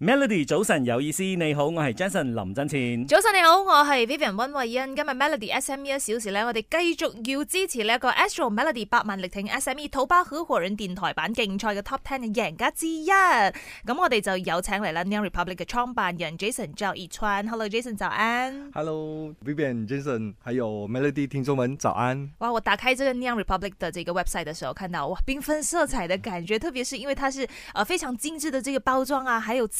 Melody 早晨有意思，你好，我係 Jason 林振前。早晨你好，我係 Vivian 溫慧欣。今日 Melody S M E 一小時咧，我哋繼續要支持呢一個 Astro Melody 百萬力挺 S M E 土巴合夥人電台版競賽嘅 Top Ten 嘅贏家之一。咁我哋就有請嚟啦 Young Republic 嘅創辦人 Jason 趙以川。Hello Jason 早安。Hello Vivian Jason，還有 Melody 聽眾們早安。哇，我打開這個 Young Republic 嘅呢個 website 嘅時候，看到哇，繽紛色彩嘅感覺，特別是因為它是非常精致嘅這個包裝啊，還有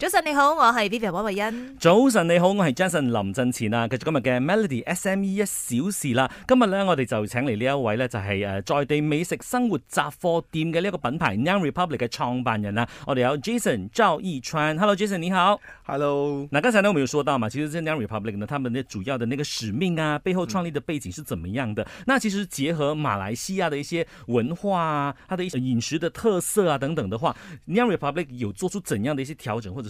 早晨你好，我係 Vivian 黃慧欣。早晨你好，我係 Jason 林振前啊。繼續今日嘅 Melody SME 一小時啦。今日咧，我哋就請嚟呢一位咧，就係、是、誒在地美食生活雜貨店嘅呢一個品牌 Young Republic 嘅創辦人啊。我哋有 Jason 趙義川。Hello Jason 你好。Hello。嗱、啊，剛才呢，我們有說到嘛，其實呢 Young Republic 呢，他們的主要的那個使命啊，背後創立的背景是怎麼樣的？嗯、那其實結合馬來西亞的一些文化啊，它的一些飲食的特色啊等等的話 Young Republic 有做出怎樣的一些調整或者？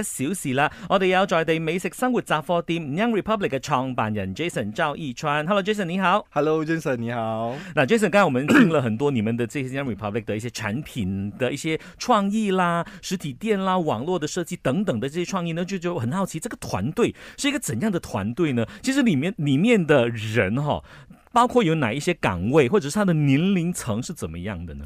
一小時啦，我哋有在地美食生活雜貨店 Young Republic 嘅創辦人 Jason 趙以川，Hello Jason 你好，Hello Jason 你好。那 Jason 剛才我們聽了很多你們的這些 Young Republic 的一些產品、的一些創意啦、實體店啦、網絡的設計等等的這些創意呢，呢就就很好奇，這個團隊是一個怎樣的團隊呢？其實裏面裏面的人哈、哦，包括有哪一些崗位，或者是他的年齡層是怎麼樣的呢？